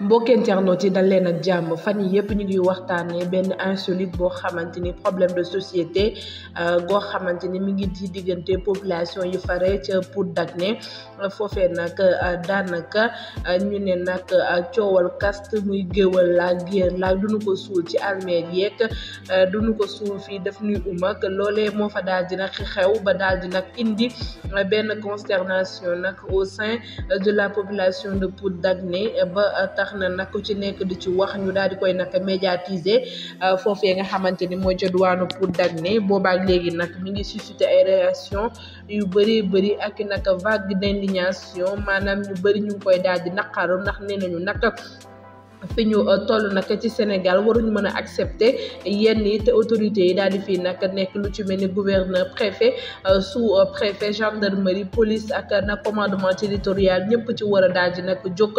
mbokk internautes yi dal leen ak jàmm fan yi yëpp ñu ngi waxtaanee benn insolite boo xamante ni problème de société euh, goo xamante ni mi ngi di diggante population yu fare ca Pout ne foofee nag euh, daanaka euh, ñu ne nag coowal kast muy géwal laa géer laa duñu ko suul ci armeel yeeg duñu ko suul fii def ñuy um ak loolee moo fa daal di nag xew ba daal di nag indi benn consternation nag au sein de la population de Pout Dagné ba tax tax na nag ku ci nekk di ci wax ñu daal di koy nag médiatiser euh, foofee nga xamante ni mooy ca duwaanu pour Dagné boobaak léegi nag mi ngi suscité ay réaction yu bëri bëri ak nag vague d'indignation maanaam ñu bëri ñu koy daal di naqaru ndax nee nañu nag fi ñu euh, toll nag ci Sénégal waruñ mën a accepter yenn yi te autorités yi daal di fii nag nekk lu ci mel ni gouverneur préfet euh, sous euh, préfet gendarmerie police ak nag commandement territorial ñëpp ci war a daal di nag jóg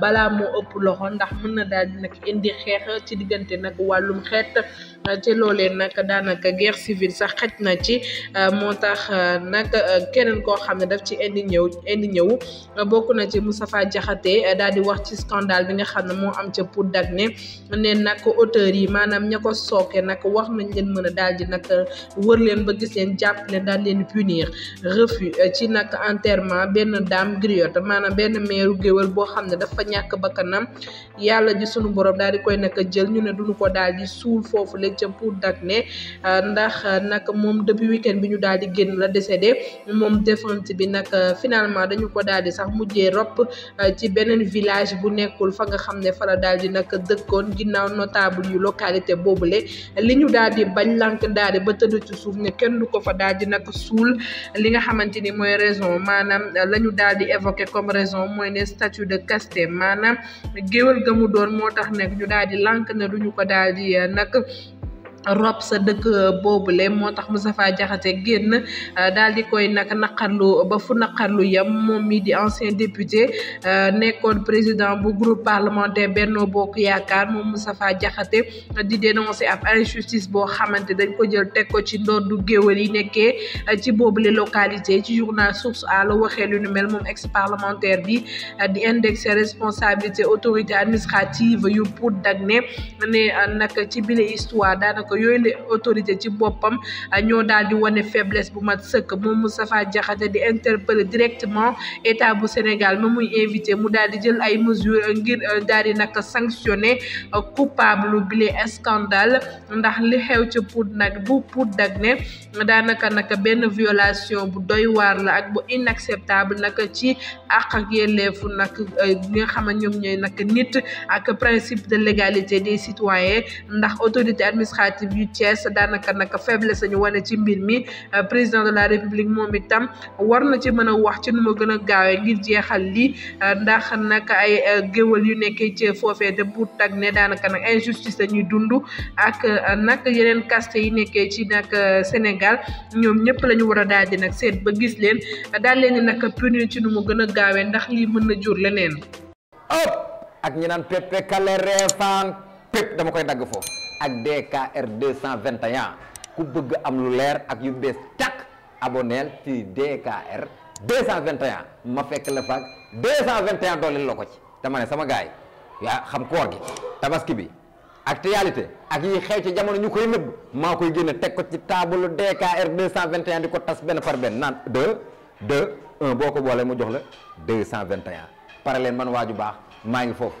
balaa moo ëpp loxo ndax mën na daal di nag indi xeex ci diggante nag wàllum xeet ci loolee nag daanaka guerre civile sax xaj na ci euh, moo tax euh, nag euh, keneen koo xam ne daf ci indi ñëw indi ñëw bokk na ci Moustapha Diakhaté daal di wax ci scandale bi nga xam ne moo am ca Pout Dagné ne nag auteurs yi maanaam ña ko sooke nag wax nañ leen mën a daal di nag wër leen ba gis leen jàpp leen daal leen punir refus ci nag enterrement benn daam griotte maanaam benn meeru géwél boo xam ne dafa ñàkk bakkanam yàlla ji sunu borom daal koy nag jël ñu ne fële ca Pout Dagné euh, ndax euh, nag moom depuis weekend bi ñu daal di génn la décédé moom défunte bi nag euh, finalement dañu ko daal di sax mujjee rop ci beneen village bu nekkul fa nga xam ne fa la daal di nag dëkkoon ginnaaw notable yu localité boobu boobule li ñu daal di bañ lank daal di ba tëdd ci suuf ne kenn du ko fa daal di nag suul li nga xamante ni mooy raison maanaam la ñu daal di évoqué comme raison mooy ne statut de caste maanaam géwél ga mu doon moo tax nekk ñu daal di lank ne du ko daal di nag rob sa dëkk boobule moo tax mu Moustapha Diakhaté génn euh, daal di koy nag naqarlu ba fu naqarlu yam moom mi di ancien député euh, nekkoon président bu groupe parlementaire Benno Bokk Yaakaar moom mu Moustapha Diakhaté di dénoncer ab injustice boo xamante dañ ko jël teg ko ci du géwél yi nekkee euh, ci boobule localité ci journal Source A la waxee lu nu mel moom ex parlementaire bi di indexer responsabilité autorité administrative yu Pout Dagné ne nag ci bile histoire ko yooyu autorité ci boppam a ñoo daal di wane faiblesse bu mat sëkk moom Moustapha Diakhaté di interpeller directement état bu Sénégal ma muy invité mu daal di jël ay mesures ngir euh, daal di nag sanctionner euh, coupable bi le scandale ndax li xew ci Pout nag bu Pout dag ne daanaka nag benn violation bu doy waar la ak bu inacceptable nag ci àq ak yelleefu nag euh, ñi nga xam ñoom ñooy nag nit ak principe de légalité des citoyens ndax autorité administrative administrative yu Thiès daanaka nag faible sañu wane ci mbir mi euh, président de la république moom itam war na ci mën a wax ci nu ma gën a gaawee ngir jeexal li euh, ndax nag ay euh, géwal yu nekkee ci foofee de bu tag ne daanaka nag injustice la ñuy dund ak nag yeneen caste yi nekkee ci nag Sénégal ñoom ñëpp la ñu war a daal di nag seet ba gis leen daal leen ni nag punir ci nu mu gën a gaawee ndax lii mën na jur leneen. ak ñi naan pepe kale reefaan pépp dama koy dagg foofu ak deux DKR 221 ku bëgg am lu leer ak yu bees tàkk aboneel ci DKR 221 ma fekk la faak 221 dooleel la ko ci dama ne sama gars yi yaa xam koor gi tabaski bi actualité ak yi xew ci jamono ñu koy nëbb maa koy génne teg ko ci taabalu DKR 221 di ko tas benn par benn naan 2 2 boo ko boolee mu jox la 221 pare leen man waaju baax maa ngi foofu